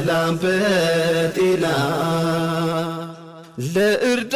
በሰላም በጤና ለእርዳ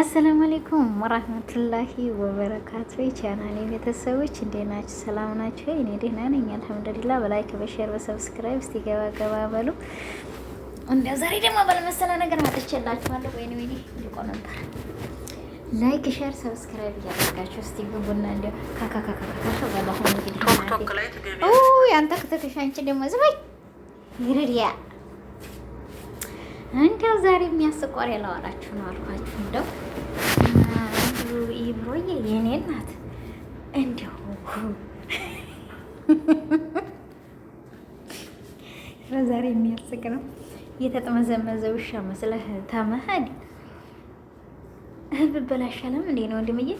አሰላሙ አሌይኩም ወራህመቱላሂ ወበረካቱ። የቻናሌ ቤተሰቦች እንዴት ናችሁ? ሰላም ናችሁ? እኔ ደህና ነኝ አልሐምዱሊላ። በላይክ በሼር በሰብስክራይብ እስቲ ገባ ገባ በሉ። እንዲያው ዛሬ ደግሞ ባለመሰለ ነገር መጥቼላችኋለሁ። ወይኔ ወይኔ ልቆ ነበር። ላይክ ሼር ሰብስክራይብ እያደረጋችሁ እስቲ ግቡና ካካካካካካ እንግዲህ ያንተ ክትክሽ አንቺ ደግሞ ዝበይ ይርድያ ዛሬ የሚያስቆር ነው አልኳችሁ። እንደው ይብሮዬ የኔ ዛሬ የሚያስቅ ነው። የተጠመዘመዘ ውሻ መስለህ ተመሀድ እህል ብበላ አይሻልም እንዴ? ነው ወንድምዬ፣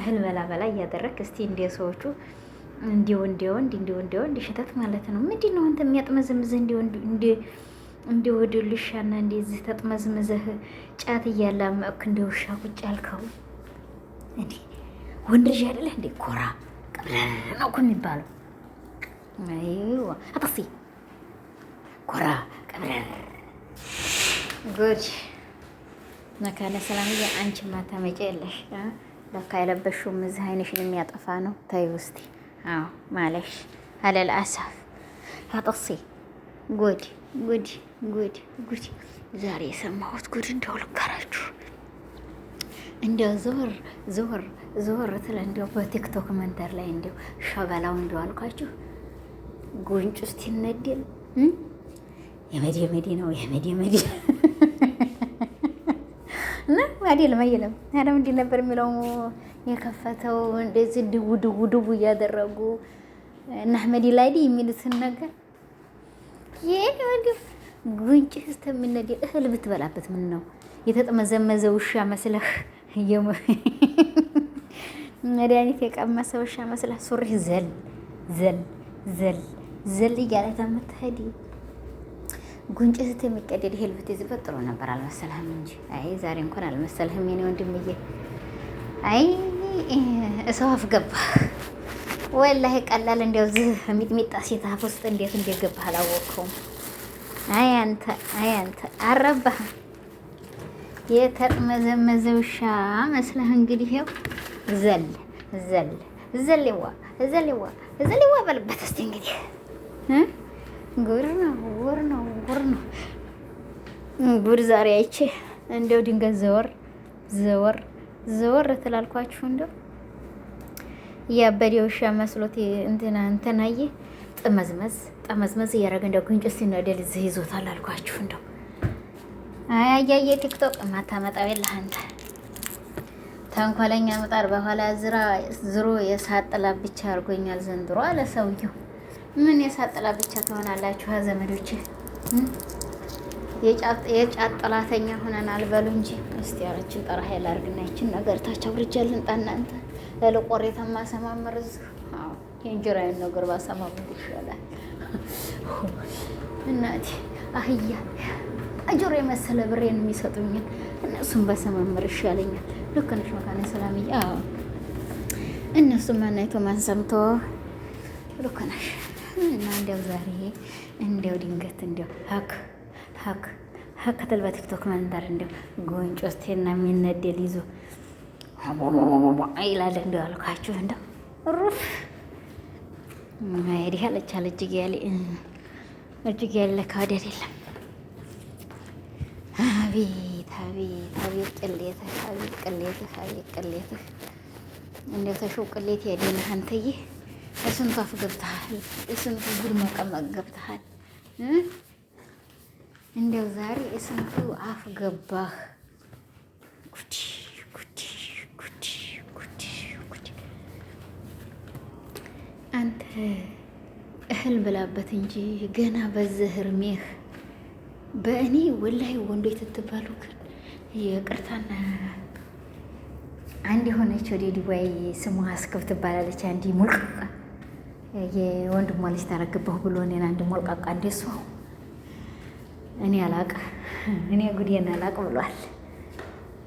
እህል በላ በላ እያደረግ እስቲ እንደ ሰዎቹ እንዲሁ እንዲሁ እንዲሁ እንዲሁ ወንድ ሸተት ማለት ነው። ምንድን ነው አንተ የሚያጥመዘምዘ እንደ ወደ ልሻና እንደዚህ ተጥመዝምዘህ ጫት እያላመክ እንደ ውሻ ቁጭ ያልከው እንዴ? ወንድ ልጅ አይደለህ እንዴ? ኮራ ቅብለህ ነው እኮ የሚባለው። አይዋ አጥፊ ኮራ ጉድ መካነ ሰላምዬ፣ አንቺ ማታ ማታመጪ የለሽ ለካ የለበሽውም እዚህ አይንሽን የሚያጠፋ ነው። ተይው ውስቲ አዎ ማለሽ አለል አሳፍ አጠሴ ጉድ ጉድ ጉድ ጉድ! ዛሬ የሰማሁት ጉድ እንደው ልንገራችሁ። እንደው ዞር ዞር ዞር ትለ እንደው በቲክቶክ መንደር ላይ እንደው ሸበላው እንደው አልኳችሁ ጉንጭ ውስጥ ይነድል የመዲ የመዲ ነው የመዲ የመዲ እና አይደለም አይደለም ታዲያ ምንድን ነበር የሚለው የከፈተው እንደዚህ ድው ድው ድው እያደረጉ እና አህመዲ ላይዲ የሚሉትን ነገር ይሄ ወንድም ጉንጭህ እስከሚነድ እህል ብትበላበት ምን ነው የተጠመዘመዘ ውሻ መስለህ መድኃኒት የቀመሰ ውሻ መስለህ ሱሪህ ዘል ዘል ዘል ዘል እያለ ተምትሄድ ጉንጭ ስት የሚቀደድ ይሄ ልብት ይዝበት ጥሩ ነበር አልመሰልህም? እንጂ አይ ዛሬ እንኳን አልመሰልህም የኔ ወንድምዬ። አይ እሰው አፍ ገባህ ወላሂ ቀላል እንዲያው ዝህ ሚጥሚጣ ሴት አፍ ውስጥ እንዴት እንደገባህ አላወቅኩም። አይ አንተ አይ አንተ አረባ የተጥመዘመዘ ውሻ መስለህ እንግዲህ ው ዘል ዘል ዘሌዋ ዘሌዋ ዘሌዋ በልበት እስቲ እንግዲህ ጉር ነው ጉር ነው ጉር ነው ጉድ ዛሬ አይቼ እንደው ድንገት ዘወር ዘወር ዘወር ትላልኳችሁ። እንደው ያበደ ውሻ መስሎት እንትና እንትናዬ ጥመዝመዝ ጠመዝመዝ እያደረገ እንደው ጉንጭ ሲነደል እዚህ ይዞታል አልኳችሁ። እንደው አያያየ ቲክቶክ ማታመጣው የለህ አንተ ተንኮለኛ ምጣር በኋላ ዝራ ዝሮ የሳጥላ ብቻ አድርጎኛል ዘንድሮ አለ ሰውየው። ምን የሳጥላ ብቻ ትሆናላችሁ ዘመዶች። የጫት ጠላተኛ ሆነን አልበሉ እንጂ። እስቲ ያለችን ጠራ ኃይል አድርግና ይችን ነገር ታች አውርጃ ልንጣ እናንተ ለቆሬታ ማሰማመር እዚህ የእንጀራዬን ነገር ባሰማምር ይሻላል እናቴ። አህያ አጆሮ የመሰለ ብሬን የሚሰጡኝን እነሱን ባሰማምር ይሻለኛል። ልክ ነሽ መካነ ሰላምዬ። እነሱም ማናይቶ ማን ሰምቶ ልክ ነሽ። እና እንዲያው ዛሬ እንዲያው ድንገት እንዲያው ሀክ ሀክ ሀክ ከተል በቲክቶክ መንደር እንዲያው ጎንጮ ስቴና የሚነደል ይዞ ይላል እንዲያው አልኳችሁ እንዲያው ሩፍ ይሄድ ያለቻል እጅግ ያለ እጅግ ያለ ካድ አይደለም። አቤት አቤት አቤት ቅሌትህ አቤት ቅሌትህ አቤት ቅሌትህ እንዲያው ተሾው ቅሌት ያደንህ አንተዬ የስንቱ አፍ ገብተሃል፣ የስንቱ ጉድ መቀመቅ ገብተሃል። እንደው ዛሬ የስንቱ አፍ ገባህ። ጉድ ጉድ ጉድ ጉድ አንተ እህል ብላበት እንጂ ገና በዚህ እርሜህ በእኔ ወላይ ወንዶች ትትባሉ ግን ይቅርታና አንድ የሆነች ወደ ዱባይ ስሟ አስክብ ትባላለች። አንዲ ሙልቅ የወንድሟ ልጅ ታረግበሁ ብሎ እኔን አንድ ሞልቃቃ እንደሷ እኔ አላቅ እኔ ጉዴን አላቅ ብሏል።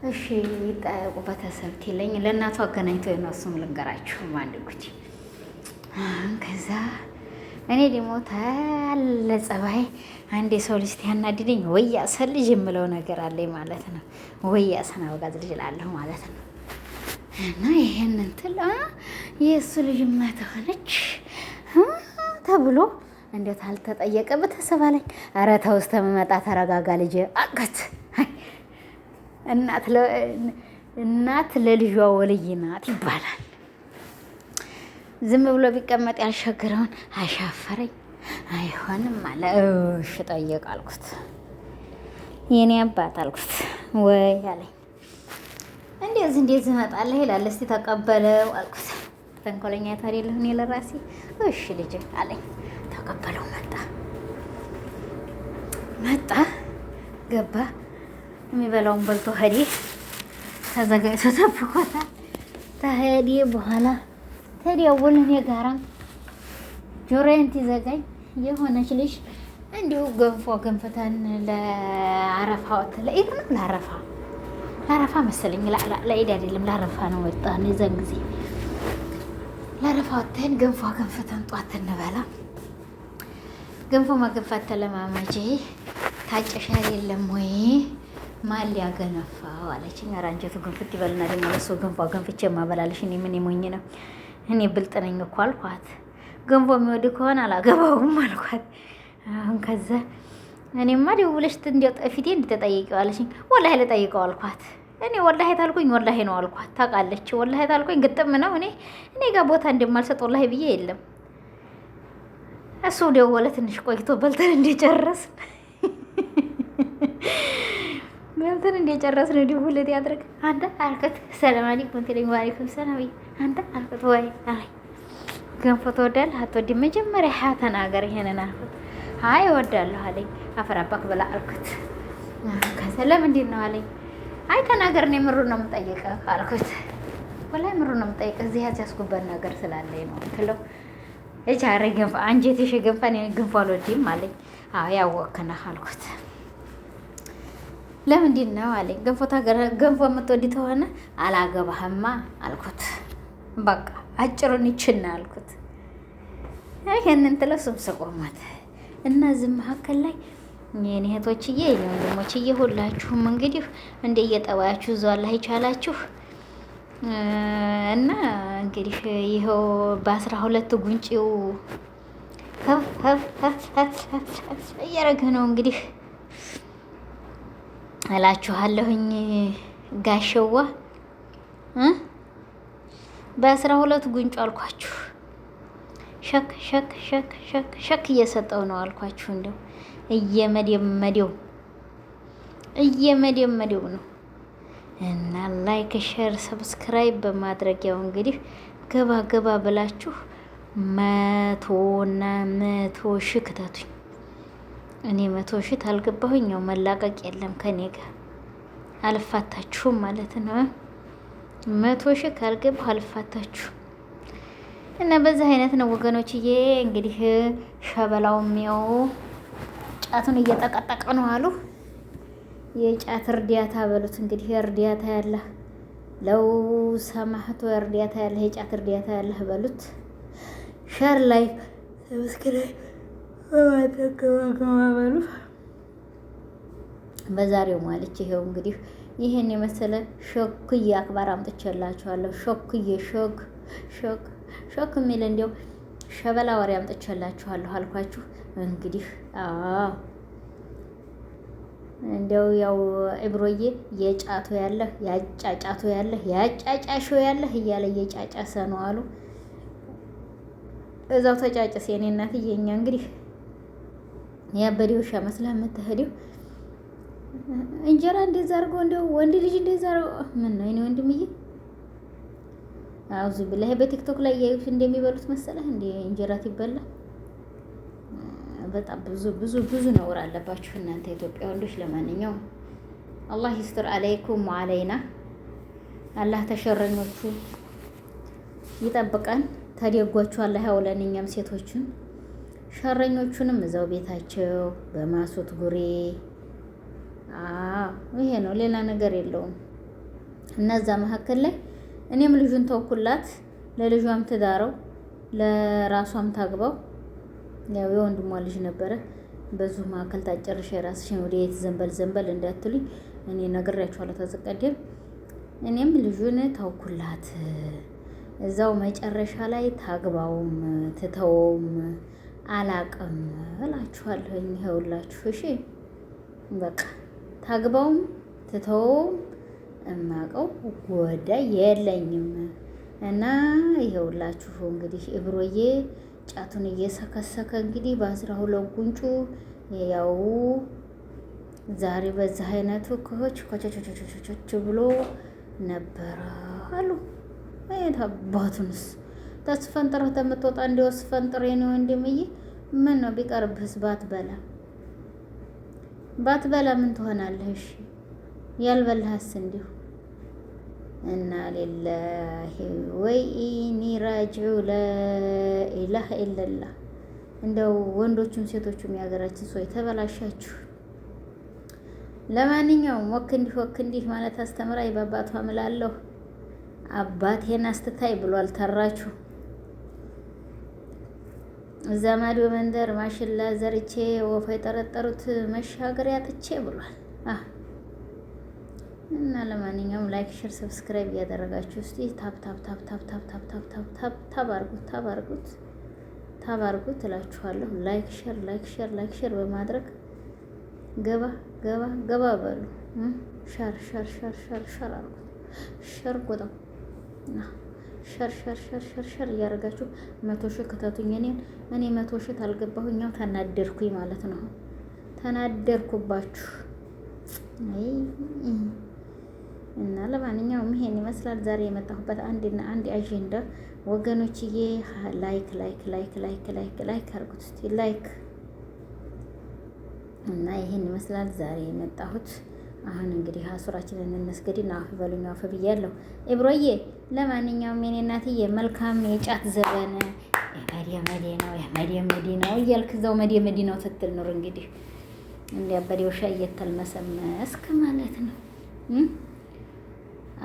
እሺ ይጠያቁ በተሰብት ይለኝ ለእናቱ አገናኝቶ የነሱም ልንገራችሁ አንድ ጉድ። ከዛ እኔ ደግሞ ታለ ጸባይ አንድ የሰው ልጅ ያናድድኝ ወይ ያሰን ልጅ የምለው ነገር አለኝ ማለት ነው። ወይ ያሰን ልጅ እላለሁ ማለት ነው። እና ይሄን እንትን የእሱ ልጅማ ተሆነች ተብሎ እንዴት አልተጠየቀ? ቤተሰብ አለኝ። ኧረ ተው እስከምመጣ ተረጋጋ ልጄ አልኳት። እናት ለልጇ ወልይ ናት ይባላል። ዝም ብሎ ቢቀመጥ ያልሸግረውን አሻፈረኝ። አይሆንም አለ። እሺ ጠየቅ አልኩት። የኔ አባት አልኩት። ወይ አለኝ። እንደዚህ እንደዚህ እመጣለሁ ይላል። እስኪ ተቀበለው አልኩት። ተንኮለኛ አይደለሁ እኔ ለራሴ እሺ ልጅ አለኝ። ተቀበለው መጣ መጣ ገባ የሚበላውን በልቶ ሄዴ ተዘጋጅቶ ተጠብቆታል። ተሄዴ በኋላ ተደውል እኔ ጋራ ጆሮዬን ትዘጋኝ የሆነች ልጅ እንዲሁ ገንፎ ገንፍተን ለአረፋ ወጥ ለኢድ ነው ለአረፋ ለአረፋ መሰለኝ ለኢድ አይደለም ለአረፋ ነው ወጣን የዛን ጊዜ ለረፋተን ገንፎ ገንፈተን ጧት እንበላ። ገንፎ ማገንፋት ተለማማች። ታጨሻል የለም ወይ ማል ሊያገነፋው አለችኝ። ኧረ አንጀቱ ግንፍት ይበልና ደግሞ ለእሱ ገንፎ ገንፍቼ የማበላለሽ እኔ ምን ሞኝ ነው እኔ ብልጥ ነኝ እኮ አልኳት። ገንፎ የሚወድ ከሆነ አላገባውም አልኳት። አሁን ከዛ እኔማ ደውለሽ እንዲያው ፊቴ እንዲህ ተጠይቂዋለሽኝ። ወላሂ ልጠይቀው አልኳት። እኔ ወላሂ ታልኩኝ ወላሂ ነው አልኳት። ታውቃለች ወላሂ ታልኩኝ ግጥም ነው። እኔ እኔ ጋር ቦታ እንደማልሰጥ ወላሂ ብዬ የለም። እሱ ደወለ። ትንሽ ቆይቶ በልተን እንደጨረስ በልተን እንደጨረስ ነው ደውለት ያድረግ አንተ አልከት ሰላም አለይኩም ትለኝ ዋለይኩም ሰላም አንተ አልከት ወይ አይ ገንፎ ትወዳለህ አትወድም? መጀመሪያ ሀያ ተናገር ይሄንን አልኩት። አይ እወዳለሁ አለኝ። አፈራባክ በላ አልኩት። ከሰለም እንዴት ነው አለኝ አይ ተናገር፣ እኔ ምሩ ነው የምጠይቅህ አልኩት። ወላሂ ምሩ ነው የምጠይቅህ እዚህ ያስያስጉበት ነገር ስላለኝ ነው ትለው እጅ አረ ገንፋ አንጀትሽ ገንፋ ገንፋ አልወድም አለኝ። አዎ ያወቅነህ አልኩት። ለምንድን ነው አለኝ። ገንፎ ገንፎ የምትወድ ተሆነ አላገባህማ አልኩት። በቃ አጭሩን ይችና አልኩት። ይህንን ትለው እሱም ስቆማት እና እዚህ መካከል ላይ የኔ እህቶችዬ የኔ ወንድሞችዬ ሁላችሁም እንግዲህ እንደ እየጠባያችሁ እዛው አላህ ይቻላችሁ እና እንግዲህ ይኸው በአስራ ሁለት ጉንጭው እያደረገ ነው እንግዲህ እላችኋለሁኝ ጋሸዋ በአስራ ሁለት ጉንጩ አልኳችሁ ሸክ ሸክ ሸክ ሸክ ሸክ እየሰጠው ነው አልኳችሁ እንደው እየመደመደው እየመደመደው ነው እና ላይክ፣ ሼር፣ ሰብስክራይብ በማድረግ ያው እንግዲህ ገባ ገባ ብላችሁ እና መቶ ሺህ ክተቱኝ። እኔ መቶ ሺ ታልገባሁኝ ያው መላቀቅ የለም ከኔ ጋር አልፋታችሁም ማለት ነው። መቶ ሺ ካልገባሁ አልፋታችሁም። እና በዚህ አይነት ነው ወገኖችዬ እንግዲህ ሸበላው የሚያው ጫቱን እየጠቀጠቀ ነው አሉ። የጫት እርዳታ በሉት እንግዲህ እርዳታ ያለ ለው ሰማህቶ እርዳታ ያለ የጫት እርዳታ ያለ በሉት። ሸር ላይ ምስክር በሉ። በዛሬው ማለች ይሄው እንግዲህ ይህን የመሰለ ሾክዬ አክባር አምጥቼላችኋለሁ። ሾክዬ ሾክ ሾክ ሾክ የሚል እንዲያው ሸበላ ወሬ አምጥቼላችኋለሁ አልኳችሁ። እንግዲህ እንደው ያው ኢብሮዬ የጫቶ ያለህ ያጫጫቶ ያለህ ያጫጫሾ ያለህ እያለ እየጫጫሰ ነው አሉ። እዛው ተጫጭስ የኔ እናትዬ። እኛ እንግዲህ ያበዴው ውሻ መስለህ የምትሄደው እንጀራ እንደዛ አድርጎ እንደው ወንድ ልጅ እንደዛ አድርጎ ምን ነው እኔ ወንድምዬ፣ አውዙ ቢላሂ በቲክቶክ ላይ ያዩት እንደሚበሉት መሰለህ እንደ እንጀራ ይበላል። በጣም ብዙ ብዙ ብዙ ነውር አለባችሁ እናንተ ኢትዮጵያ ወንዶች። ለማንኛውም አላህ ይስጥር አለይኩም ወአለይና። አላህ ተሸረኞቹ ይጠብቀን፣ ተደጎቹ አላህ ያውለን። እኛም ሴቶችን ሸረኞቹንም እዛው ቤታቸው በማሱት ጉሬ። ይሄ ነው፣ ሌላ ነገር የለውም። እነዛ መካከል ላይ እኔም ልጁን ተውኩላት፣ ለልጇም ትዳረው፣ ለራሷም ታግባው ያው የወንድሟ ልጅ ነበረ። በዙ መካከል ታጨርሽ የራስሽን ወደ የት ዘንበል ዘንበል እንዳትሉኝ እኔ ነግሬያችኋለሁ። ተዘቀደም እኔም ልጁን ታውኩላት እዛው መጨረሻ ላይ ታግባውም ትተወውም አላቅም እላችኋለሁ። ይኸውላችሁ እሺ በቃ ታግባውም ትተወውም እማቀው ጉዳይ የለኝም እና ይኸውላችሁ እንግዲህ እብሮዬ ጫቱን እየሰከሰከ እንግዲህ በአስራ ሁለት ጉንጩ ያው ዛሬ በዛ አይነቱ ክሆች ኮቾቾቾቾቾች ብሎ ነበረ አሉ። አየት አባቱንስ ተስፈንጥረህ ተምትወጣ ነው ምን ነው ቢቀርብህስ? ባትበላ ባትበላ ምን ትሆናለህ? እሺ ያልበላህስ እንዲሁ እና ሌላሂ ወኢኒ ራጅዑ ላኢላህ ኢለላ። እንደው ወንዶቹም ሴቶቹም የሀገራችን ሰው የተበላሻችሁ። ለማንኛውም ወክ እንዲህ ወክ እንዲህ ማለት አስተምራይ በአባቷ ምላለሁ አባቴን አስትታይ ብሏል። ተራችሁ እዛ ማዶ መንደር ማሽላ ዘርቼ ወፎ የጠረጠሩት መሻገር ያጥቼ ብሏል። እና ለማንኛውም ላይክ፣ ሼር፣ ሰብስክራይብ እያደረጋችሁ እስቲ ታብ ታብ ታብ ታብ ታብ ታብ ታብ አርጉት ታብ አርጉት ታብ አርጉት እላችኋለሁ። ላይክ ሼር ላይክ ሼር ላይክ ሼር በማድረግ ገባ ገባ ገባ በሉ። ሸር ሸር ሸር ሸር ሸር አርጉት ሸር ሸር ሸር ሸር ሸር ሸር እያደረጋችሁ መቶ ሺህ ክተቱኝ። እኔን እኔ መቶ ሺህ ተናደርኩኝ ማለት ነው። ተናደርኩባችሁ። እና ለማንኛውም ይሄን ይመስላል ዛሬ የመጣሁበት አንድና አንድ አጀንዳ ወገኖችዬ፣ ላይክ ላይክ ላይክ ላይክ ላይክ ላይክ አርጉት እስኪ ላይክ እና ይሄን ይመስላል ዛሬ የመጣሁት። አሁን እንግዲህ አሱራችንን እንስገድና አፍ በሉኝ አፍ ብያለሁ። ኢብሮዬ ለማንኛውም የኔ እናትዬ መልካም የጫት ዘበነ የመዲያ መዲ ነው የመዲ መዲ ነው እያልክ እዛው መዲ መዲ ነው ስትል ኑር። እንግዲህ እንዲያ በዴውሻ እየተልመሰመስክ ማለት ነው።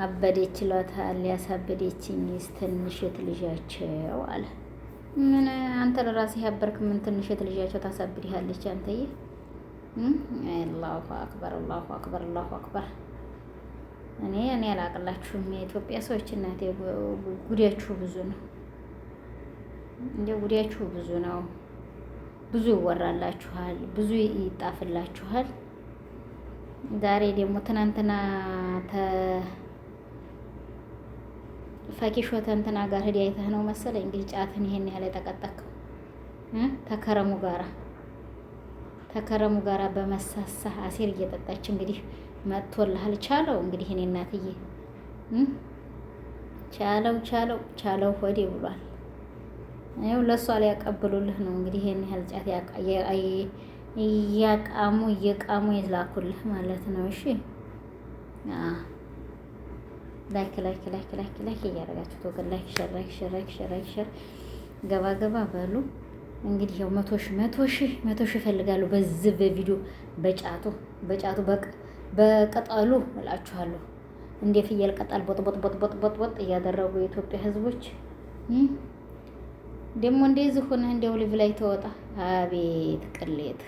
አበደች ይሏታል። ያሳበደችኝ ትንሽት ልጃቸው አለ። ምን አንተ ለራስህ ያበርክ? ምን ትንሽት ልጃቸው ታሳብድሃለች? አንተዬ። አላሁ አክበር፣ አላሁ አክበር፣ አላሁ አክበር። እኔ እኔ አላቅላችሁም የኢትዮጵያ ሰዎች እናቴ፣ ጉዳያችሁ ብዙ ነው እንደ ጉዳያችሁ ብዙ ነው። ብዙ ይወራላችኋል፣ ብዙ ይጣፍላችኋል። ዛሬ ደግሞ ትናንትና ፈቂሾተ እንትና ጋር ሂድ አይተህ ነው መሰለኝ እንግዲህ ጫትን ይሄን ያህል የተቀጠቅከው ተከረሙ ጋራ ተከረሙ ጋራ በመሳሳ አሴር እየጠጣች እንግዲህ መጥቶልሃል። ቻለው እንግዲህ እኔ እናትዬ ቻለው ቻለው ቻለው ሆዴ ብሏል። ይኸው ለእሷ ላይ ያቀብሉልህ ነው እንግዲህ ይህን ያህል ጫት እያቃሙ እየቃሙ የላኩልህ ማለት ነው። እሺ ላይክ ላይክ ላይክ ላይክ ላይክ እያደረጋችሁ ወገን ላይክ ሸር ላይክ ሸር ላይክ ሸር ላይክ ሸር ገባ ገባ በሉ። እንግዲህ ያው መቶ ሺህ መቶ ሺህ መቶ ሺህ እፈልጋለሁ በዚህ በቪዲዮ በጫቱ በጫቱ በቅጠሉ እላችኋለሁ። እንደ ፍየል ቅጠል ቦጥ ቦጥ ቦጥ ቦጥ ቦጥ ቦጥ እያደረጉ የኢትዮጵያ ህዝቦች ደግሞ እንደዚህ ሆነህ እንደው ሊቭ ላይ ተወጣ። አቤት ቅሌት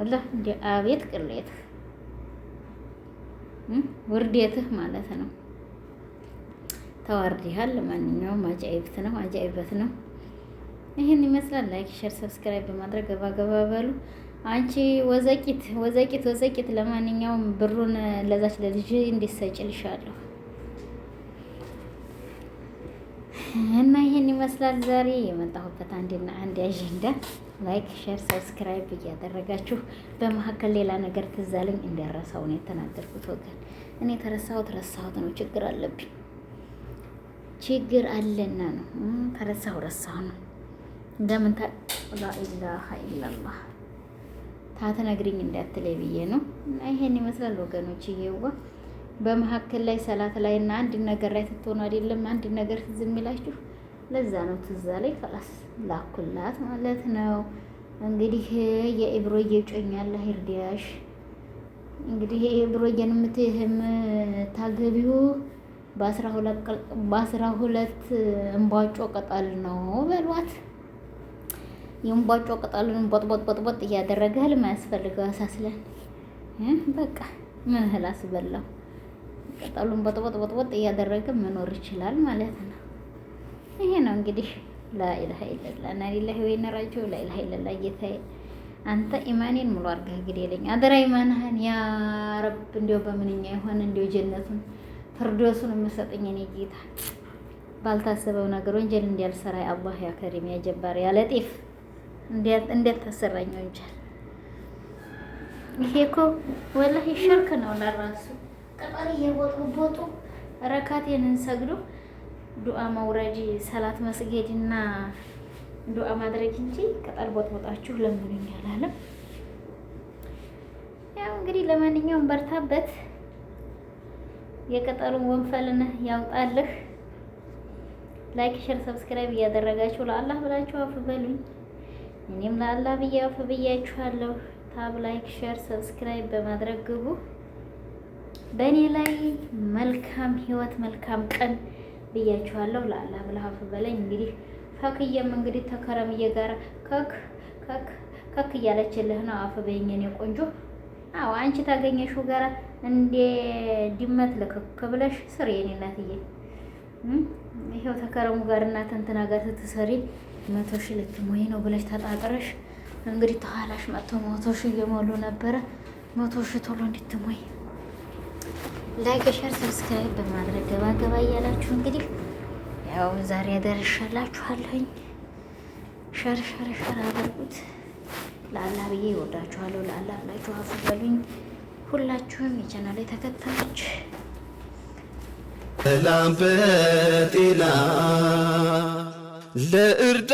ወላ እንደ አቤት ቅሌት ውርዴትህ ማለት ነው። ተዋርዲሃል። ለማንኛውም አጃኢብት ነው፣ አጃኢበት ነው። ይህን ይመስላል። ላይክ፣ ሸር፣ ሰብስክራይብ በማድረግ ገባ ገባ በሉ። አንቺ ወዘቂት ወዘቂት ወዘቂት። ለማንኛውም ብሩን ለዛች ለልጅ እንዲሰጭልሻለሁ እና ይህን ይመስላል ዛሬ የመጣሁበት አንድና አንድ አጀንዳ ላይክ ሼር ሰብስክራይብ እያደረጋችሁ በመካከል ሌላ ነገር ትዝ አለኝ እንዳረሳው ነው የተናገርኩት። ወገን እኔ ተረሳሁት ረሳሁት ነው ችግር አለብኝ ችግር አለና ነው ተረሳሁ ረሳሁ ነው። እንደምን ላኢላሀ ኢላላህ ነግሪኝ እንዳትለይ ብዬ ነው። እና ይሄን ይመስላል ወገኖች። ይሄዋ በመካከል ላይ ሰላት ላይ እና አንድ ነገር ላይ ትትሆኑ አይደለም አንድ ነገር ትዝ የሚላችሁ ለዛ ነው ትዝ አለኝ። ከላስ ላኩላት ማለት ነው። እንግዲህ የኢብሮዬ ጮኛ አላህ ይርዳሽ። እንግዲህ የኢብሮዬን የምታገቢው በአስራ ሁለት እንቧጮ ቅጠል ነው በሏት። የእንቧጮ ቅጠሉን ቦጥቦጥ እያደረገ ህልም አያስፈልገው ያሳስለን። በቃ ምን እህል አስበላው። ቅጠሉን ቦጥቦጥ እያደረገ መኖር ይችላል ማለት ነው። ይሄ ነው እንግዲህ ላኢላሀ ኢለላ እና ሊላሂ ወይነ ራጂዑ ላኢላሀ ኢለላ። ጌታዬ አንተ ኢማኔን ሙሉ አድርገህ እንግዲህ አደራ ኢማንህን ያ ረብ እንዲያው በምንኛ ይሆን እንዲያው ጀነቱን ፍርዶሱን የምሰጠኝ እኔ ጌታ ባልታሰበው ነገር ወንጀል እንዲያልሰራ አላህ ያ ከሪም ያ ጀባር ያ ለጢፍ እንዴት ወንጀል። ይሄ እኮ ወላሂ ሽርክ ነው ለራሱ ቅጠል እየቦጡ ቦጡ ረካቴንን ሰግዶ ዱአ መውረድ ሰላት መስገድና ዱአ ማድረግ እንጂ ቅጠል ቦጥቦጣችሁ ለምኑኝ አላለም። ያው እንግዲህ ለማንኛውም በርታበት፣ የቅጠሉን ወንፈልን ያውጣልህ። ላይክ፣ ሼር፣ ሰብስክራይብ እያደረጋችሁ ለአላህ ብላችሁ አፍ በሉኝ። እኔም ለአላህ ብዬ አፍ ብያችኋለሁ። ታብ፣ ላይክ፣ ሼር፣ ሰብስክራይብ በማድረግ ግቡ። በእኔ ላይ መልካም ህይወት፣ መልካም ቀን ብያችኋለሁ። ለአላህ ብለሀፍ በላይ እንግዲህ ፈክየም እንግዲህ ተከረምዬ ጋር ከክ ከክ ከክ እያለችልህ ነው። አፍ በይኝ የኔ ቆንጆ። አዎ አንቺ ታገኘሽው ጋር እንደ ድመት ልክክ ብለሽ ስሪ የኔ እናትዬ። ይሄው ተከረሙ ጋር እና ተንትና ጋር ስትሰሪ መቶ ሺህ ልትሞይ ነው ብለሽ ተጣጥረሽ እንግዲህ ተኋላሽ መቶ መቶ ሺህ እየሞሉ ነበረ። መቶ ሺህ ቶሎ እንድትሞይ ላይክ፣ ሸር፣ ሰብስክራይብ በማድረግ ገባ ገባ እያላችሁ እንግዲህ ያው ዛሬ ያደርሻላችኋለሁኝ። ሸር ሸር ሸር አድርጉት። ለአላህ ብዬ ይወዳችኋለሁ። ለአላህ ብላችሁ አፉ በሉኝ ሁላችሁም የቻናሌ ተከታዮች። ሰላም በጤና ለእርዳ